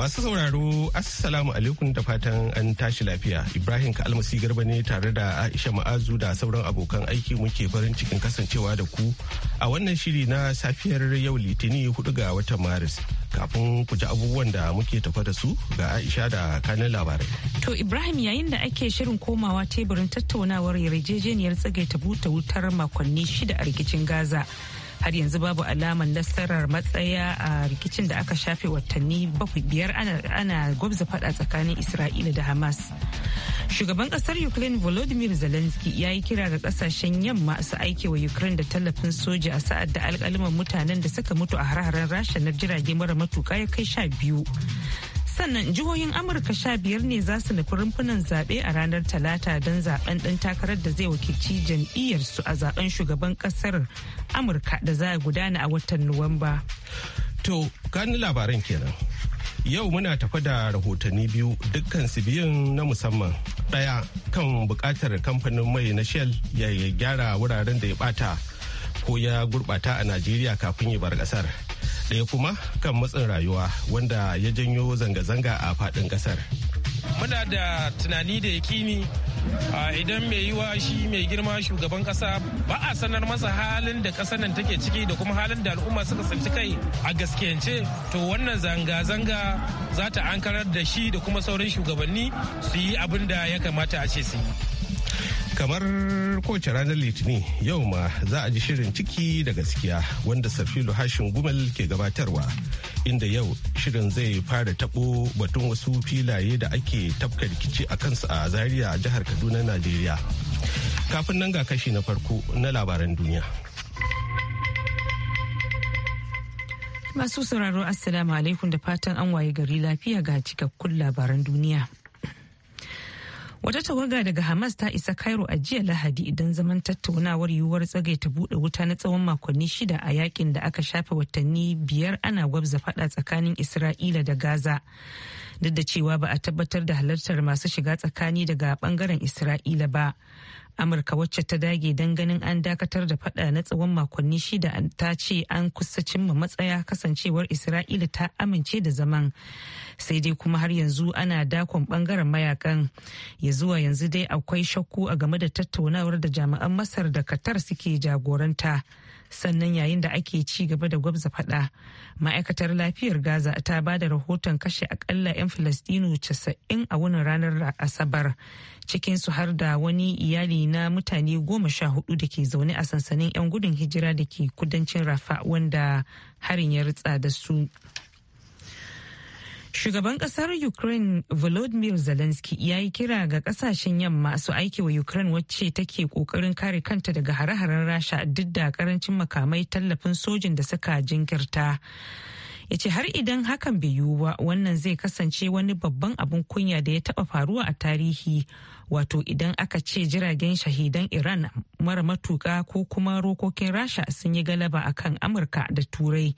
Masu sauraro Assalamu alaikum da fatan an tashi lafiya. Ibrahim Kalmasi Garba ne tare da Aisha Ma'azu da sauran abokan aiki muke farin cikin kasancewa da ku a wannan shiri na safiyar yau Litini hudu ga watan Maris. Kafin ku ji abubuwan da muke tafa da su ga Aisha da kanin labarai. To Ibrahim yayin da ake shirin komawa teburin tattaunawar yarjejeniyar tsagaita buta wutar makonni shida a rikicin Gaza. har yanzu babu alamar nasarar matsaya a rikicin da aka shafe watanni bakwai biyar ana gwabza fada tsakanin isra'ila da hamas shugaban kasar ukraine volodymyr zelensky ya yi kira ga kasashen yamma su aike wa ukraine da tallafin soja a sa'ad da alkalaman mutanen da suka mutu a har-haren rasha na jirage mara matuka ya kai sha biyu sannan jihohin amurka sha biyar ne za su nufi rumfunan zaɓe a ranar talata don zaɓen ɗan takarar da zai wakilci jam'iyyarsu a zaɓen shugaban ƙasar amurka da za a gudana a watan nuwamba to gani labaran kenan yau muna tafa da rahotanni biyu dukkan su biyun na musamman ɗaya kan buƙatar kamfanin mai na shell ya gyara wuraren da ya ɓata ko ya gurɓata a najeriya kafin ya bar ƙasar ɗaya kuma kan matsin rayuwa wanda ya janyo zanga-zanga a faɗin ƙasar. Muna da tunani da yakini idan mai yiwa shi mai girma shugaban ƙasa ba a sanar masa halin da ƙasar nan take ciki da kuma halin da al'umma suka tsinci kai a gaskiyance to wannan zanga-zanga za ta ankarar da shi da kuma sauran shugabanni su yi abin da ya kamata a ce su yi. kamar kowace ranar litinin yau ma za a ji shirin ciki da gaskiya wanda sarfilu hashin gumel ke gabatarwa inda yau shirin zai fara tabo batun wasu filaye da ake tafka rikici a kansu a zaria jihar kaduna najeriya kafin nan ga kashi na farko na labaran duniya masu sauraro assalamu alaikum da fatan an waye gari lafiya ga cikakkun labaran duniya Wata tawaga daga Hamas ta isa Cairo a jiya Lahadi idan zaman tattaunawar yiwuwar tsagai ta buɗe wuta na tsawon makonni shida a yakin da aka shafe watanni biyar ana gwabza faɗa tsakanin Isra'ila da Gaza. duk da cewa ba a tabbatar da halartar masu shiga tsakani daga bangaren isra'ila ba amurka wacce ta dage don ganin an dakatar da fada na tsawon makonni shida ta ce an kusa cimma matsaya kasancewar isra'ila ta amince da zaman sai dai kuma har yanzu ana dakon bangaren mayakan ya zuwa yanzu dai akwai shakku a game da tattaunawar da jami'an masar da qatar suke jagoranta sannan yayin da ake ci gaba da gwabza fada ma'aikatar lafiyar gaza ta ba da rahoton kashe akalla 'yan filistinu 90 a wani ranar asabar cikinsu har da wani iyali na mutane goma sha hudu da ke zaune a sansanin 'yan gudun hijira da ke kudancin rafa wanda harin ya ritsa da su Shugaban kasar Ukraine Volodymyr Zelensky ya yi kira ga kasashen yamma su aiki wa Ukraine wacce take kokarin kare kanta daga hare-haren Rasha duk da karancin makamai tallafin sojin da suka jinkirta. ya ce har idan hakan bai yiwu ba wannan zai kasance wani babban abin kunya da ya taba faruwa a tarihi wato idan aka ce jiragen shahidan iran mara matuka ko kuma rokokin rasha sun yi galaba akan amurka da turai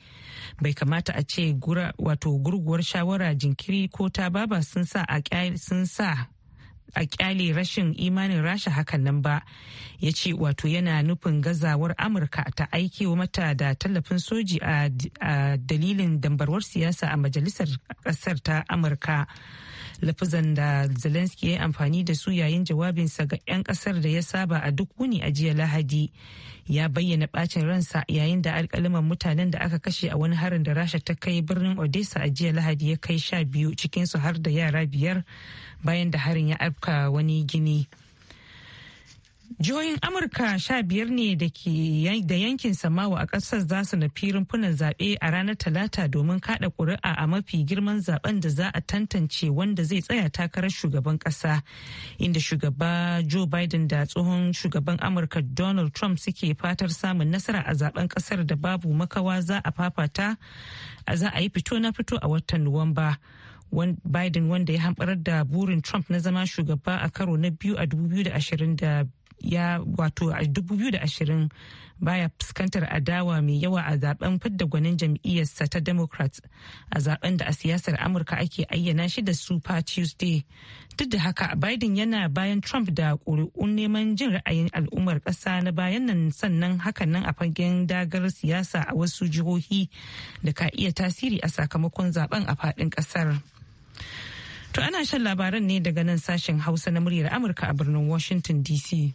bai kamata a ce wato gurguwar shawara jinkiri ko ta baba sun sa a kyale rashin imanin rasha hakan nan ba ya ce wato yana nufin gazawar amurka ta aiki wa mata da tallafin soji a dalilin dambarwar siyasa a majalisar kasar ta amurka lafazan da zelensky ya yi amfani da su yayin jawabinsa ga 'yan kasar da ya saba a duk wuni a jiya lahadi ya bayyana bacin ransa yayin da alkalaman mutanen da aka kashe a wani harin da rasha ta kai birnin odessa a jiya lahadi ya kai sha biyu cikinsu har da yara biyar bayan da harin ya afka wani gini. Jihohin Amurka sha biyar ne da yankin Samawa a ƙasar za su nufi rumfunan zaɓe a ranar Talata domin kaɗa ƙuri'a a mafi girman zaɓen da za a tantance wanda zai tsaya takarar shugaban ƙasa. Inda shugaba Joe Biden da tsohon shugaban Amurka Donald Trump suke fatar samun nasara a zaɓen ƙasar da babu makawa za a fafata a za a yi fito na fito a watan Nuwamba. Biden wanda ya hamɓarar da burin Trump na zama shugaba a karo na biyu 2020 ya wato a 2020 baya fuskantar adawa mai yawa a zaben fidda gwanin jam'iyyarsa ta democrats a zaben da a siyasar amurka ake ayyana shi da super tuesday duk da haka biden yana bayan trump da ƙuri'un neman jin ra'ayin al'ummar ƙasa na bayan nan sannan hakan nan a fagen dagar siyasa a wasu jihohi da ka iya tasiri a sakamakon zaben a faɗin ƙasar. To ana shan labaran ne daga nan sashen Hausa na muryar Amurka a birnin Washington DC.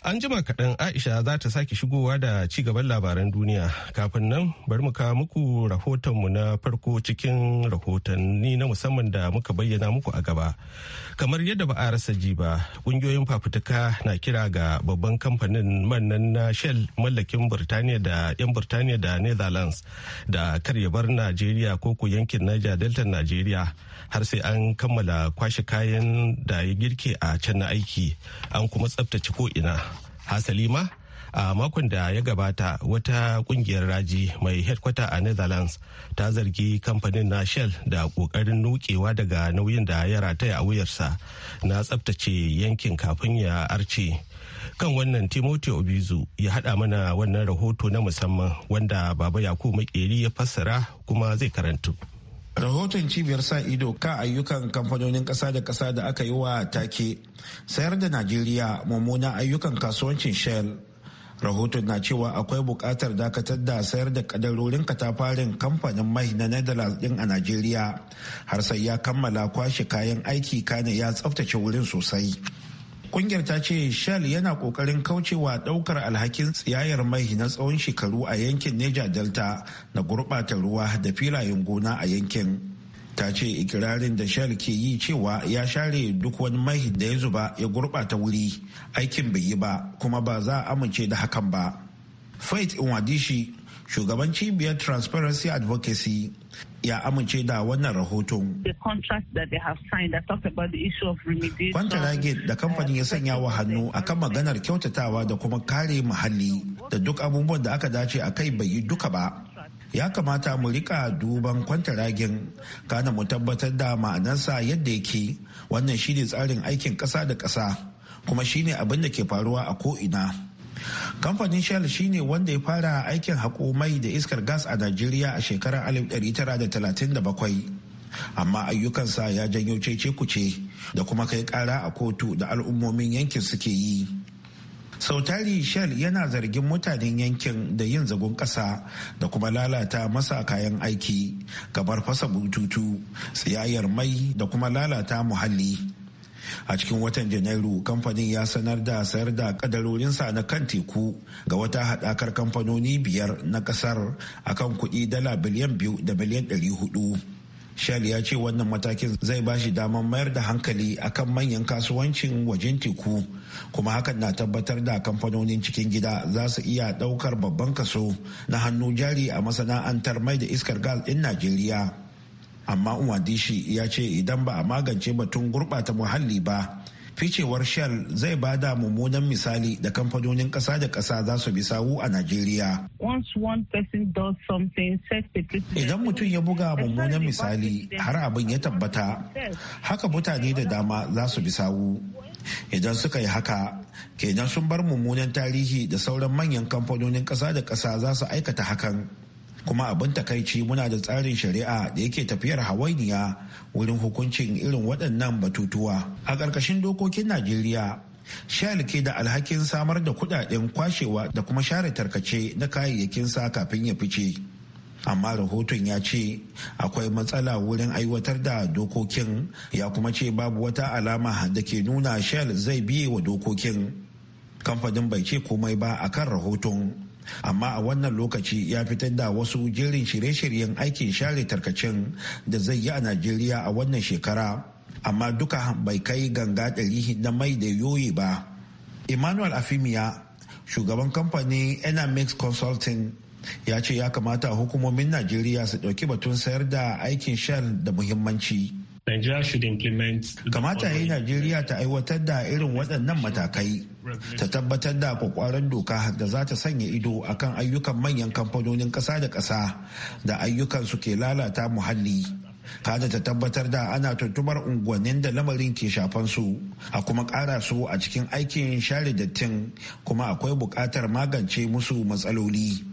An jima kaɗan Aisha za ta sake shigowa da ci gaban labaran duniya. Kafin nan bari mu kawo muku rahotonmu na farko cikin rahotanni na musamman da muka bayyana muku a gaba. Kamar yadda ba a rasa ji ba, ƙungiyoyin fafutuka na kira ga babban kamfanin mannan na Shell mallakin Burtaniya da 'yan Burtaniya da Netherlands da karya bar Najeriya ko ku yankin Niger Delta Najeriya har sai an kammala kwashe kayan da ya girke a can na aiki an kuma tsaftace ko ina. Hasalima a makon da ya gabata wata kungiyar raji mai headquarter a netherlands ta zargi kamfanin na shell da kokarin nukewa daga nauyin da ya rataya a wuyarsa na tsabtace yankin kafin ya arce kan wannan timothy obizu ya hada mana wannan rahoto na musamman wanda baba yakubu makeri ya fassara kuma zai karantu rahoton cibiyar sa ido kan ayyukan kamfanonin ƙasa da ƙasa da aka yi wa take sayar da najeriya mummuna ayyukan kasuwancin shell rahoton na cewa akwai bukatar dakatar da sayar da kadarorin katafarin kamfanin mai na netherlands din a najeriya har sai ya kammala kwashe kayan aiki kane ya tsaftace wurin sosai Kungiyar ta ce Shell yana kokarin kaucewa daukar alhakin tsiyayar mai na tsawon shekaru a yankin Niger Delta na gurbata ruwa da filayen gona a yankin. Ta ce ikirarin da Shell ke yi cewa ya share duk wani mai da ya zuba ya gurbata wuri aikin bai yi ba kuma ba za a amince da hakan ba. Faith wadishi shugaban cibiyar Transparency Advocacy, ya amince da wannan rahoton. Kwantaragit da kamfanin ya sanya wa hannu akan maganar kyautatawa da kuma kare muhalli da duk abubuwan da aka dace a kai bai yi duka ba. Ya kamata mu rika duban ragin kana mu tabbatar da ma'anarsa yadda yake wannan shine tsarin aikin ƙasa da ƙasa kuma shine abin da ke faruwa a ko'ina. kamfanin shell shine wanda ya fara aikin haƙo mai da iskar gas a najeriya a shekarar bakwai amma ayyukansa ya janyo cece kuce da kuma kai kara a kotu da al'ummomin yankin suke yi sautari shell yana zargin mutanen yankin da yin zagon ƙasa da kuma lalata masa kayan aiki kamar fasa bututu tsayayyar mai da kuma lalata muhalli a cikin watan janairu kamfanin ya sanar da sayar da kadarorinsa na kan teku ga wata hadakar kamfanoni biyar na ƙasar akan kuɗi dala biliyan biyu da biliyan ɗari hudu shell ya ce wannan matakin zai ba shi damar mayar da hankali akan manyan kasuwancin wajen teku kuma hakan na tabbatar da kamfanonin cikin gida za su iya ɗaukar babban kaso na hannu jari a masana'antar mai da iskar gas ɗin najeriya amma umadishi ya ce idan ba a magance batun gurɓata muhalli ba ficewar shell zai ba da mummunan misali da kamfanonin ƙasa da ƙasa za su bi sawu a najeriya idan mutum ya buga mummunan misali har abin ya tabbata haka mutane da dama za su bi sawu idan suka yi haka kenan sun bar mummunan tarihi da sauran manyan kamfanonin ƙasa da ƙasa za su aikata hakan kuma abin takaici muna da tsarin shari'a da yake tafiyar hawainiya wurin hukuncin irin waɗannan batutuwa a ƙarƙashin dokokin najeriya ke da alhakin samar da kudaden kwashewa da kuma share tarkace na kayayyakin sa kafin ya fice amma rahoton ya ce akwai matsala wurin aiwatar da dokokin ya kuma ce babu wata alama da ke nuna shell zai biye wa dokokin kamfanin bai ce komai ba akan rahoton amma a wannan lokaci ya fitar da wasu jerin shirye-shiryen aikin share tarkacin da zai yi a najeriya a wannan shekara amma duka bai kai ganga ɗari na mai da yoyi ba emmanuel afimiya shugaban kamfanin enamix consulting ya ce ya kamata hukumomin najeriya su ɗauki batun sayar da aikin shan da muhimmanci Kamata ya yi Najeriya ta aiwatar da irin waɗannan matakai, ta tabbatar da kwakwaran doka da za ta sanya ido a kan ayyukan manyan kamfanonin ƙasa da ƙasa da ayyukan su ke lalata muhalli. Kada ta tabbatar da ana tuntumar unguwannin da lamarin ke shafan su, a kuma ƙara su a cikin aikin share dattin kuma akwai buƙatar magance musu matsaloli.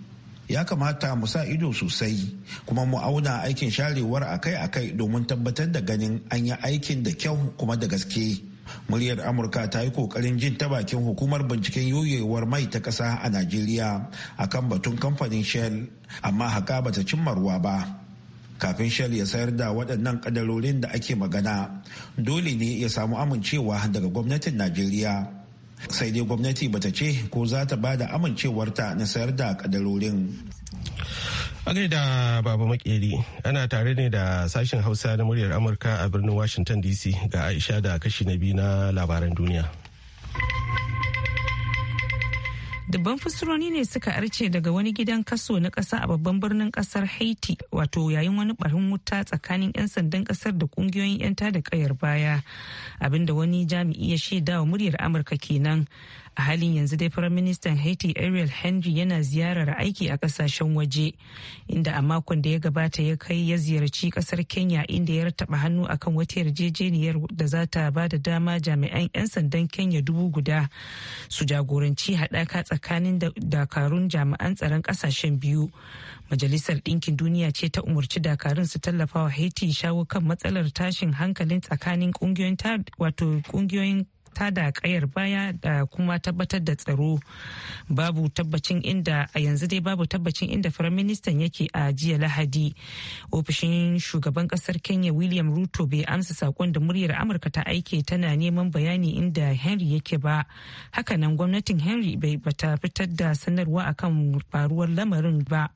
ya kamata mu sa ido sosai kuma mu auna aikin sharewar akai-akai domin tabbatar da ganin an yi aikin da kyau kuma da gaske muryar amurka ta yi kokarin jin ta bakin hukumar binciken yoyewar mai ta kasa a najeriya akan batun kamfanin shell amma haka bata ruwa ba kafin shell ya sayar da waɗannan kadarorin da ake magana dole ne ya samu amincewa daga gwamnatin najeriya sai dai gwamnati bata ce ko za ta bada amincewarta na sayar da kadarorin a da baba makeri ana tare ne da sashen hausa na muryar amurka a birnin washington dc ga aisha da kashi na biyu na labaran duniya dubban fusuroni ne suka arce daga wani gidan kaso na kasa a babban birnin kasar haiti wato yayin wani barin wuta tsakanin 'yan sandan kasar da kungiyoyin 'yan tada kayar baya abinda wani jami'i ya shaidawa muryar amurka kenan a halin yanzu dai firaministan haiti ariel henry yana ziyarar aiki a kasashen waje inda a makon da ya gabata ya kai ya ziyarci kasar kenya inda ya taba hannu akan wata yarjejeniyar da za ta ba da dama jami'an 'yan sandan kenya dubu guda su jagoranci haɗaka tsakanin dakarun jami'an tsaron kasashen biyu majalisar ɗinkin duniya ce ta umarci dakarun su tallafa wa haiti shawo kan matsalar tashin hankalin tsakanin ƙungiyoyin tada kayar baya da kuma tabbatar da tsaro babu tabbacin inda a yanzu dai babu tabbacin inda firaministan yake a jiya lahadi ofishin shugaban kasar kenya william ruto bai amsa sakon da muryar amurka ta aike tana neman bayani inda henry yake ba hakanan gwamnatin henry bai bata fitar da sanarwa akan faruwar lamarin ba.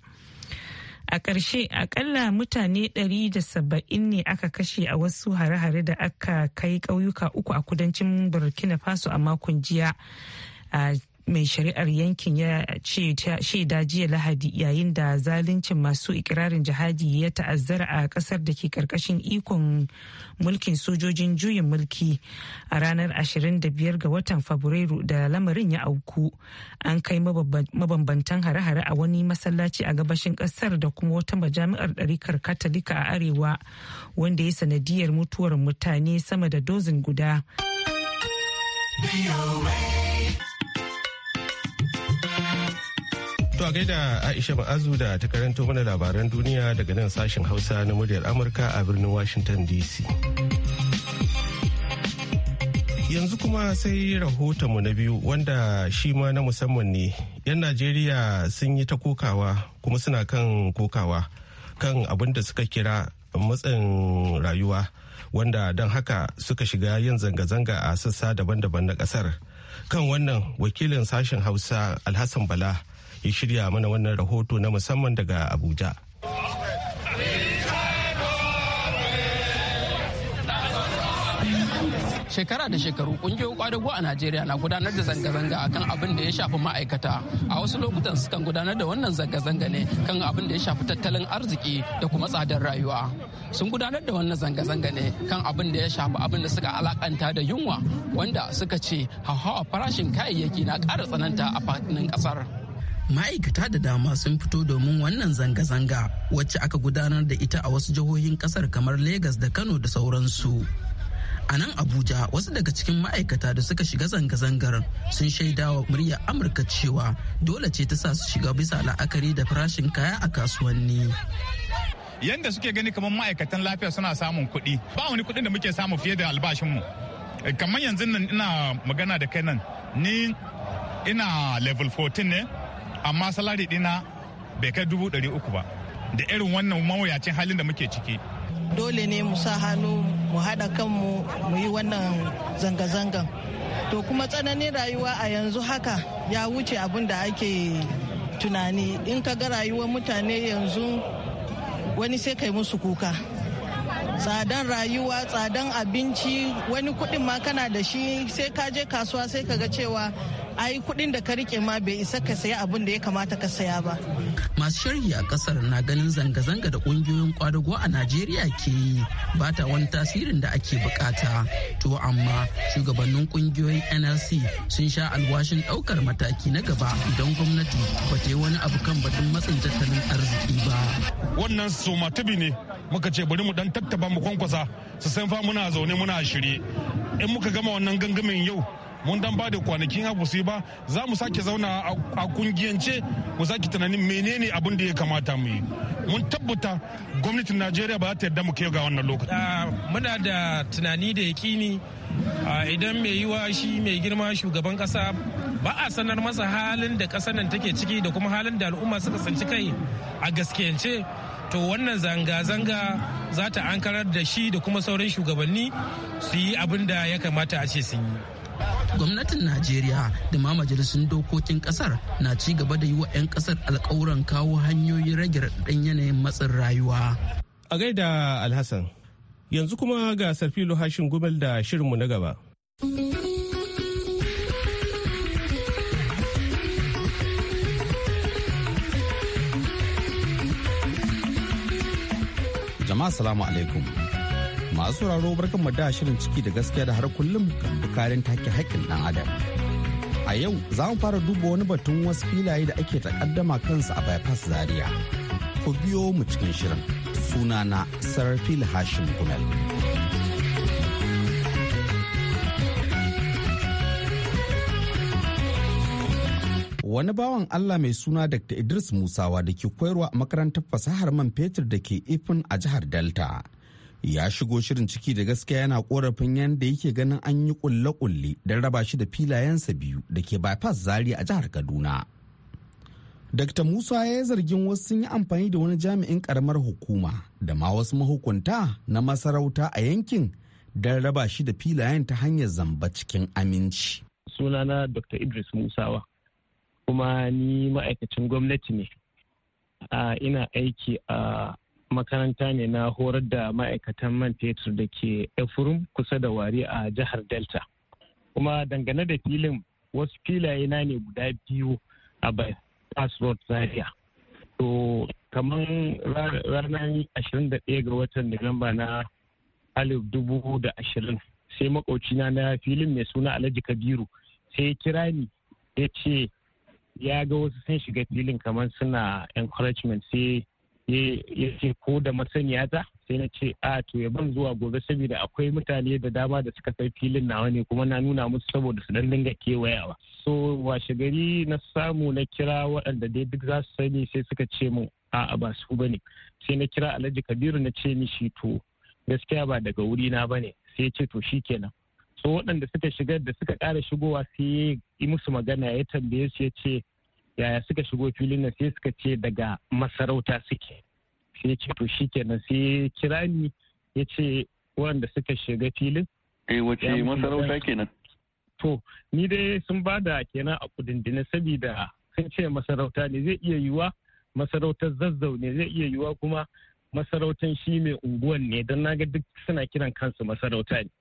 a ƙarshe akalla mutane 170 ne aka kashe a wasu hare-hare da aka kai ƙauyuka uku a kudancin burkina faso a makon jiya a mai shari'ar yankin ya ce shaida jiya lahadi yayin da zaluncin masu ikirarin jihadi ya ta'azzara a kasar da ke karkashin ikon mulkin sojojin juyin mulki a ranar 25 ga watan fabrairu da lamarin ya auku an kai mabambantan hare-hare a wani masallaci a gabashin kasar da kuma wata majami'ar ɗarikar katolika a arewa wanda ya sanadiyar mutuwar mutane sama da dozin guda. To a gaida Aisha Ma'azu da ta karanto mana labaran duniya daga nan sashen Hausa na muryar Amurka a birnin Washington DC. Yanzu kuma sai rahotonmu na biyu wanda shi ma na musamman ne. 'Yan Najeriya sun yi ta kokawa kuma suna kan kokawa kan abin da suka kira matsin rayuwa wanda don haka suka shiga yin zanga-zanga a sassa daban-daban na kasar. Kan wannan wakilin sashen Hausa Alhassan Bala. ya shirya mana wannan rahoto na musamman daga Abuja. shekara da shekaru kungiyoyin kwadago a najeriya na gudanar da zanga-zanga akan abin da ya shafi ma'aikata a wasu lokutan sukan gudanar da wannan zanga-zanga ne kan abin da ya shafi tattalin arziki da kuma tsadar rayuwa sun gudanar da wannan zanga-zanga ne kan abin da ya shafi abin da suka alakanta da yunwa wanda suka ce hauhawar farashin kayayyaki na ƙara tsananta a faɗin ƙasar ma'aikata da dama sun fito domin wannan zanga-zanga wacce aka gudanar da ita a wasu jihohin kasar kamar Legas da Kano da sauransu. A nan Abuja wasu daga cikin ma'aikata da suka shiga zanga-zangar sun shaidawa murya Amurka cewa dole ce ta sa su shiga bisa la'akari da farashin kaya a kasuwanni. Yanda suke gani kamar ma'aikatan lafiya suna samun kuɗi, ba wani kuɗin da muke samu fiye da albashinmu. Kamar yanzu nan ina magana da kai nan, ni ina level 14 ne, amma salari dina bai kai dubu ɗari uku ba da irin wannan mawuyacin halin da muke ciki dole ne mu sa hannu mu haɗa kanmu mu yi wannan zanga-zangan to kuma tsananin rayuwa a yanzu haka ya wuce abin da ake tunani in ka ga rayuwar mutane yanzu wani sai kai musu kuka tsadan rayuwa tsadan abinci wani kuɗin ma kana da shi sai ka je kasuwa sai ka ga cewa ai kuɗin da ka rike ma bai isa ka saya abin da ya kamata ka saya ba. Masu sharhi a kasar na ganin zanga-zanga da kungiyoyin kwadago a Najeriya ke yi ba ta wani tasirin da ake bukata. To amma shugabannin ƙungiyoyin NLC sun sha alwashin ɗaukar mataki na gaba idan gwamnati ba ta yi wani abu kan batun matsin tattalin arziki ba. Wannan somatubi ne muka ce bari mu dan tattaba mu kwankwasa su san fa muna zaune muna shirye. In muka gama wannan gangamin yau mun dan ba da kwanakin haku su ba za mu sake zauna a kungiyance mu sake tunanin menene abin da ya kamata mu yi mun tabbata gwamnatin najeriya ba za ta yarda mu kai ga wannan lokaci ah, muna da tunani da yakini ah, idan mai yiwa shi mai girma shugaban kasa ba a sanar masa halin da kasar nan take ciki da kuma halin da al'umma suka tsinci kai a gaskiyance to wannan zanga-zanga za ta ankarar da shi da kuma sauran shugabanni su yi abin da ya kamata a ce sun yi gwamnatin najeriya da ma majalisun dokokin kasar na ci gaba da yi wa 'yan kasar alkawuran kawo hanyoyin rage raɗaɗin yanayin matsin rayuwa a gaida alhassan yanzu kuma ga sarfilo hashin gumel da shirinmu na gaba jama'a salamu alaikum masu sauraro barkan da shirin ciki da gaskiya da har kullum kan bukarin take haƙƙin ɗan adam a yau za mu fara duba wani batun wasu filaye da ake takaddama kansu a bypass zaria ku biyo mu cikin shirin sunana sarfil hashim gumel wani bawan Allah mai suna Dr. Idris Musawa da ke koyarwa a makarantar fasahar man fetur da ke Ifin a jihar Delta ya shigo shirin ciki da gaskiya yana korafin yadda yake ganin an yi kulle-kulle don raba shi da filayensa biyu da ke bypass zari a jihar kaduna dr musa ya yi zargin wasu sun yi amfani da wani jami'in karamar hukuma da ma wasu mahukunta na masarauta a yankin don raba shi da filayen ta hanyar zamba cikin aminci sunana dr idris musawa kuma ni ma'aikacin gwamnati ne ah, ina aiki a makaranta ne na horar da ma'aikatan man fetur da ke efurum kusa da wari a jihar delta kuma dangane da filin wasu filaye na ne guda biyu a bypass road zaria to kamar ranar 21 ga watan nuwamba na alif dubu sai makaucina na filin mai suna alhaji kabiru sai ya kira ni ya ce ya ga wasu sun shiga filin kamar suna encouragement sai ya ce ko da masaniya ta sai na ce a to ya ban zuwa gobe saboda akwai mutane da dama da suka kai filin nawa ne kuma na nuna musu saboda su dan dinga kewayawa so washe gari na samu na kira waɗanda dai duk za su sani sai suka ce mu a'a ba su bane sai na kira alhaji kabiru na ce ni shi to gaskiya ba daga wuri na bane sai ce to shi kenan so waɗanda suka shigar da suka ƙara shigowa sai ya yi musu magana ya tambaye su ya ce yaya suka shigo filin na sai suka ce daga masarauta suke sai ce to shikenan sai kira ni ya ce wanda suka shiga filin eh wace masarauta kenan to ni dai sun ba da kenan a kudindina saboda sun ce masarauta ne zai iya yiwa masarautar zazzau ne zai iya yiwa kuma masarautar shi mai unguwan ne don naga duk suna kiran kansu masarauta ne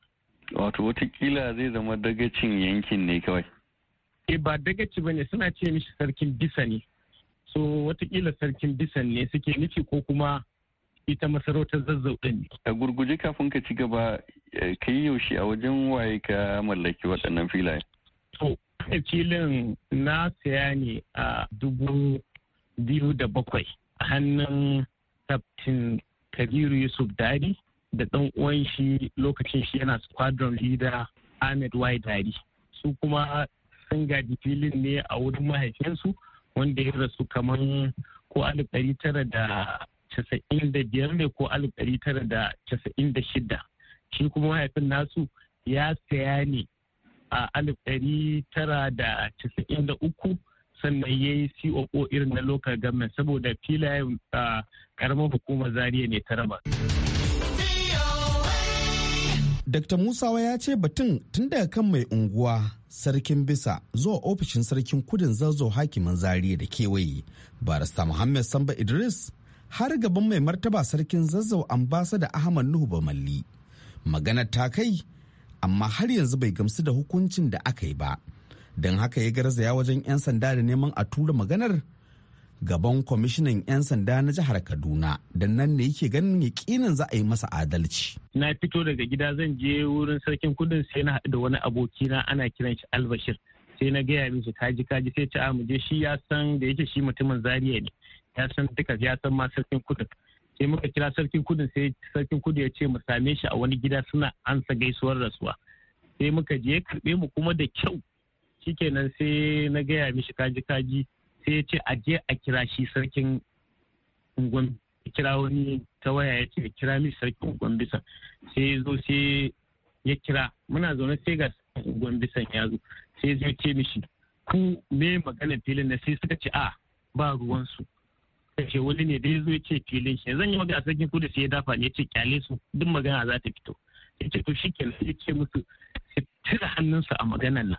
wato watakila zai zama dagacin yankin ne kawai e ba dagaci bane suna ce mishi sarkin bisa ne so watakila sarkin bisan ne suke nufi ko kuma ita masarautar zazzau ɗin ne. a gurguje kafin ka ci gaba eh, ka yi yaushe a wajen waye ka mallaki waɗannan filaye. to filin na saya ne a dubu biyu da bakwai a hannun kaftin kabiru yusuf dadi da ɗan uwan shi lokacin shi yana squadron leader ahmed y dadi su kuma sun gaji filin ne a wurin mahaifinsu wanda ya rasu kamar ko alif ɗari tara da casa'in da biyar ne ko alif ɗari tara da casa'in da shida shi kuma mahaifin nasu ya saya ne a alif ɗari tara da casa'in da uku sannan ya yi COO irin na local government saboda filayen a karamar hukumar zariya ne ta raba. Dr. Musawa ya ce batun tun daga kan mai unguwa sarkin bisa zuwa ofishin sarkin kudin zazo hakimin zariya da kewaye barista muhammad samba idris har gaban mai martaba sarkin zazzau da ahmad nuhu bamalli maganar ta kai amma har yanzu bai gamsu da hukuncin da aka yi ba don haka ya garzaya wajen 'yan sanda da neman a tura maganar gaban kwamishinan 'yan sanda na jihar kaduna don nan ne yake ganin yakinin za a yi masa adalci na fito daga gida zan je wurin sarkin kudin sai na haɗu da wani abokina ana kiran shi albashir sai na gaya mishi kaji kaji sai ta mu shi ya san da yake shi mutumin zaria ne ya san duka ya san ma sarkin kudin sai muka kira sarkin kudin sai sarkin kudin ya ce mu same shi a wani gida suna ansa gaisuwar rasuwa sai muka je karbe mu kuma da kyau shikenan sai na gaya mishi kaji kaji sai ya ce a je a kira shi sarkin ungon kira wani ta waya ya ce kira mi sarkin ungon bisa sai ya zo sai ya kira muna zaune sai ga sarkin ungon bisa ya zo sai ya ce mishi ku me magana filin da sai suka ce a ba ruwansu ce wani ne dai zo ya ce filin shi zan yi magana sarkin kudu sai ya dafa ne ya ce kyale su duk magana za ta fito ya ce to shi kenan ya ce musu tira hannunsa a maganan nan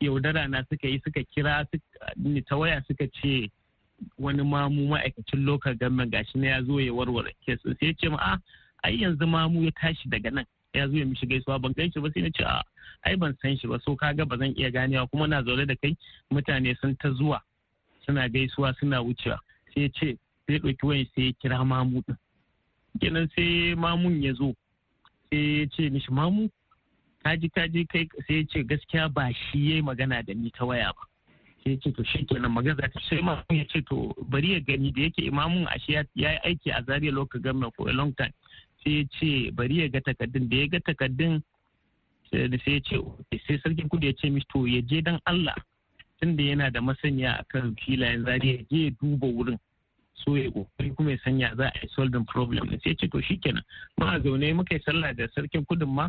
yaudara na suka yi suka kira ni ta waya suka ce wani mamu ma'aikacin local government gashi na ya zo ya warware kesin sai ce ma ah, ai yanzu mamu ya tashi daga nan ya zo ya mishi gaisuwa ban gan shi ba sai na ce a ah, ai ban san shi ba so kaga ba zan iya ganewa kuma na zaune da kai mutane sun ta zuwa suna gaisuwa suna wucewa sai ya ce sai ɗauki wayan sai ya kira mamu din kenan sai mamun ya zo sai ya ce mishi mamu kaji kaji kai sai ya ce gaskiya ba shi yayi magana da ni ta waya ba sai ya ce to shi kenan magana ta sai imamun ya ce to bari ya gani da yake imamun ashe ya yi aiki a Zariya lokacin government ko a long time sai ya ce bari ya ga takardun da ya ga takardun sai ya ce sai sarkin kudu ya ce mishi to ya je dan Allah tunda yana da masaniya akan filayen zariya ya je ya duba wurin so ya kokari kuma ya sanya za a yi solving problem sai ce to shikenan ma a zaune muka yi sallah da sarkin kudin ma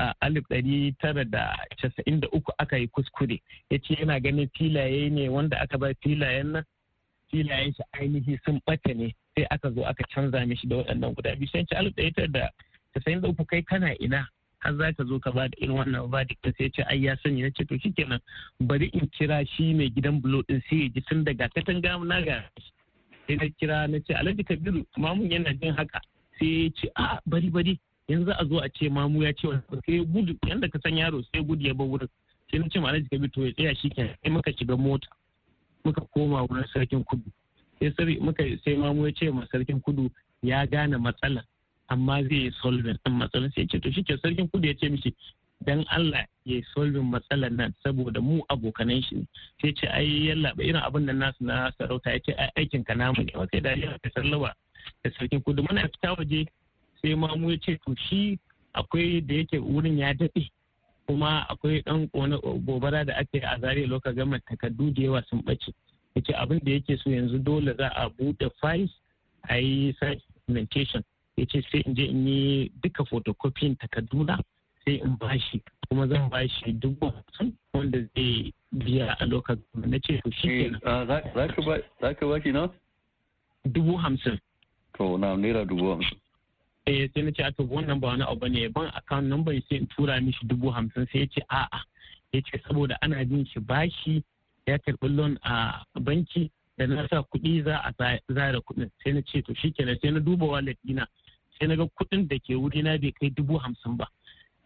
a alif ɗari tara da casa'in uku aka yi kuskure ya ce yana ganin filaye ne wanda aka ba filayen nan filayen shi ainihi sun bata ne sai aka zo aka canza mishi da waɗannan guda biyu sai alif ɗari da casa'in da uku kai kana ina har za ka zo ka ba da irin wannan verdict sai ce ai ya sanya na ce to shikenan bari in kira shi mai gidan bulo din sai ya ji tun daga katanga na ga sai na kira na ce alhaji kabiru mamun yana jin haka sai ya ce a bari bari yanzu a zo a ce mamu ya ce sai gudu yanda ka san yaro sai gudu ya bar wurin sai na ce ma alhaji kabi to ya tsaya shi ke sai muka shiga mota muka koma wurin sarkin kudu sai sai muka sai mamu ya ce ma sarkin kudu ya gane matsala amma zai yi solving din matsalar sai ya ce to shi ke sarkin kudu ya ce mishi dan Allah ya yi solving matsalar nan saboda mu abokanan shi sai ce ai yalla irin abin nan nasu na sarauta ya ce aikin ka namu ne sai da ya sallaba da sarkin kudu muna fita waje sai mamu ya ce to shi akwai da yake wurin ya daɗe kuma akwai ɗan gobara da ake a zare lokacin gama takardu da yawa sun ɓace ya ce abin da yake so yanzu dole za a buɗe files a yi documentation ya ce sai in je in yi duka photocopying takarduna sai in bashi kuma zan bashi dubu wanda zai biya a lokacin na ce to shi eh, ah, za ka bashi na dubu hamsin to na naira dubu hamsin eh sai na ce a wannan ba wani abu ne ban account number sai in tura mishi dubu hamsin sai ya ce a'a ya ce saboda ana bin shi bashi ya karɓi loan a banki da na sa kuɗi za a zara kuɗin sai na ce to shikenan sai na duba wallet ɗina sai na ga kuɗin da ke wuri na bai kai dubu hamsin ba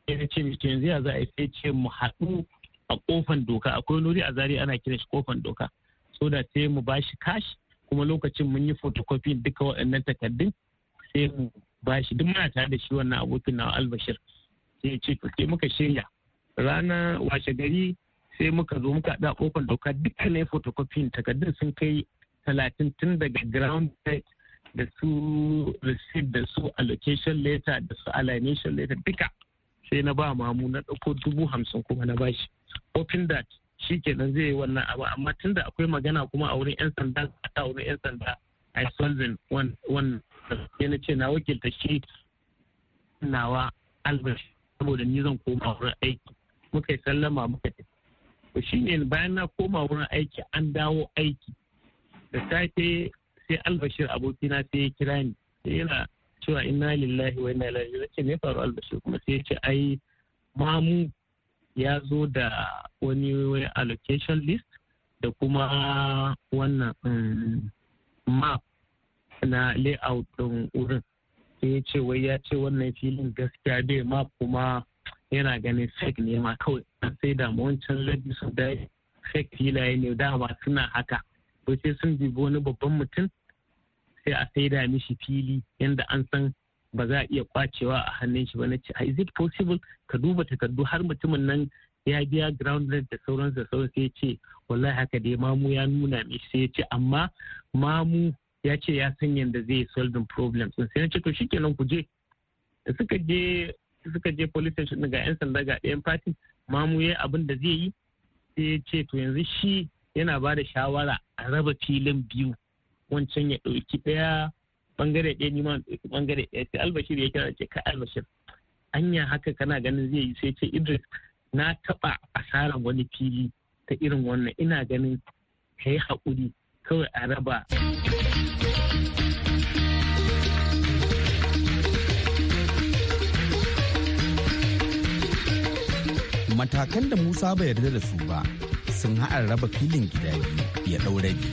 sai na ce mishi yanzu ya za a sai ce mu haɗu a kofan doka akwai wani a zari ana kiran shi kofan doka so da sai mu bashi kashi kuma lokacin mun yi photocopy duka waɗannan takardun sai mu bashi duk muna tare da shi wannan abokin na albashir sai ya ce to sai muka shirya rana washe gari sai muka zo muka da kofar dauka dukkanin photocopying takardun sun kai talatin tun daga ground set da su receipt da su allocation letter da su alienation letter duka sai na ba mamu na dauko dubu hamsin kuma na bashi open that shi kenan zai yi wannan abu amma tunda akwai magana kuma a wurin yan sanda a wurin yan sanda a solving wannan sai na ce na wakilta shi nawa albert saboda ni zan koma wurin aiki muka yi sallama muka tafi to ne bayan na koma wurin aiki an dawo aiki da safe sai albashir abokina sai ya kira ni sai yana cewa inna lillahi wa inna ilaihi zai ce me faru albashir kuma sai ya ce ai mamu ya zo da wani allocation list da kuma wannan um, map na layout ɗin wurin sai ya ce wai ya ce wannan filin gaskiya bai ma kuma yana ganin fake ne ma kawai sai da wancan ladi su da fake filaye ne dama suna haka ko sai sun bibi wani babban mutum sai a saida mishi fili yanda an san ba za a iya kwacewa a hannun shi ba na ce is it possible ka duba takardu har mutumin nan ya biya ground rent da sauransu da sauransu sai ce wallahi haka dai mamu ya nuna mishi sai ya ce amma mamu ya ce ya san yadda zai yi solving problems sai na ce to shikenan ku je da suka je suka je police station ga yan sanda ga ɗayan party mamu ya abin da zai yi sai ya ce to yanzu shi yana ba da shawara a raba filin biyu wancan ya ɗauki ɗaya bangare ɗaya ni ma ɗauki bangare ɗaya sai albashir ya kira ce ka albashir anya haka kana ganin zai yi sai ce idris na taɓa asarar wani fili ta irin wannan ina ganin ka yi haƙuri kawai a raba. matakan da musa bai yarda da su ba sun haɗa raba filin gida biyu ya ɗau rabi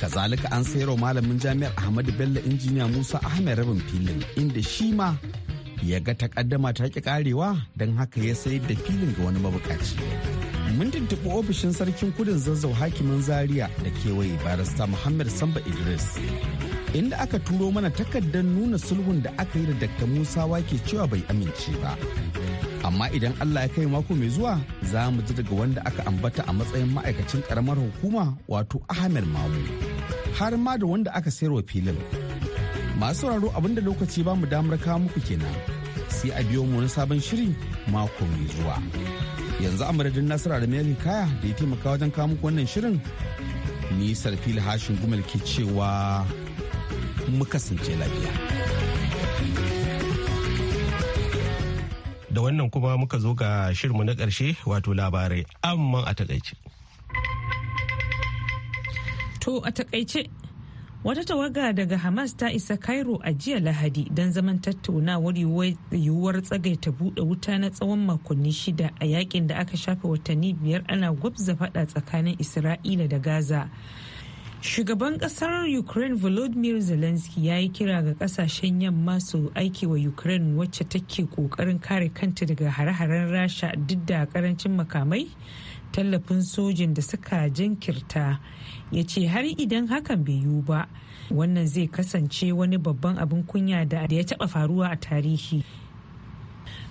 kazalika an sayarwa malamin jami'ar ahmadu bello injiniya musa ahmed rabin filin inda shi ma ya ga takaddama ta ki karewa don haka ya sayar da filin ga wani mabukaci mun tuntuɓi ofishin sarkin kudin zazzau hakimin zaria da kewaye barista muhammad samba idris inda aka turo mana takardar nuna sulhun da aka yi da Dr. Musa wake cewa bai amince ba. Amma idan Allah ya kai mako mai zuwa za mu ji daga wanda aka ambata a matsayin ma'aikacin karamar hukuma wato Ahmed Mamu. Har ma da wanda aka sayar wa filin. Masu sauraro abinda lokaci ba mu damar kawo muku kenan. Sai a biyo mu wani sabon shiri mako mai zuwa. Yanzu a madadin Nasiru Adamu Kaya da ya taimaka wajen kawo muku wannan shirin. Ni Sarfil Hashin Gumal ke cewa mu kasance lafiya. Da wannan kuma muka zo ga shirmu na ƙarshe wato labarai amma a takaice. To a takaice wata tawaga daga hamas ta isa cairo a jiya lahadi don zaman tattaunawar yiwuwar tsagaita buɗe wuta na tsawon makonni shida a yakin da aka shafe watanni biyar ana gwabza faɗa tsakanin isra'ila da gaza Shugaban kasar Ukraine Volodymyr Zelensky ya yi kira ga kasashen yamma su aiki wa Ukraine wacce take kokarin kare kanta daga hare-haren Rasha duk da karancin makamai, tallafin sojin da suka jinkirta. Ya ce har idan hakan bai yiwu ba, wannan zai kasance wani babban abin kunya da ya taɓa faruwa a tarihi.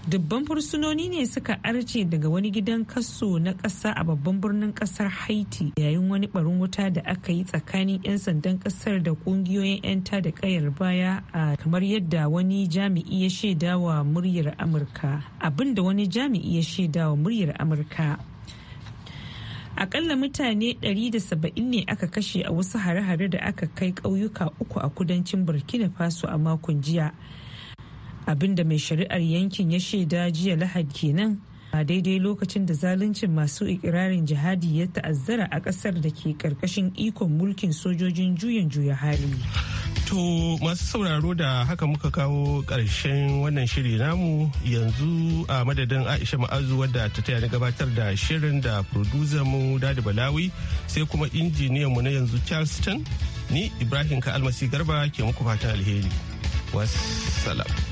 dubban fursunoni ne suka arce daga wani gidan kaso na kasa a babban birnin kasar haiti yayin wani barin wuta da aka yi tsakanin 'yan sandan kasar da kungiyoyin 'yan ta da kayar baya a kamar yadda wani jami'i ya shaidawa muryar amurka abinda wani jami'i ya shaidawa muryar amurka akalla mutane 170 ne aka kashe a wasu hare-hare da aka kai ƙauyuka uku a kudancin burkina faso a makon jiya abinda mai shari'ar yankin ya shaida jiya lahad kenan a daidai lokacin da zaluncin masu ikirarin jihadi ya ta'azzara a kasar da ke karkashin ikon mulkin sojojin juyan juya hali. To masu sauraro da haka muka kawo karshen wannan shiri namu yanzu a madadin Aisha Ma'azu wadda ta taya na gabatar da shirin da producer mu Dadi Balawi sai kuma injiniyan mu na yanzu Charleston ni Ibrahim Ka Almasi Garba ke muku fatan alheri. Wassalam.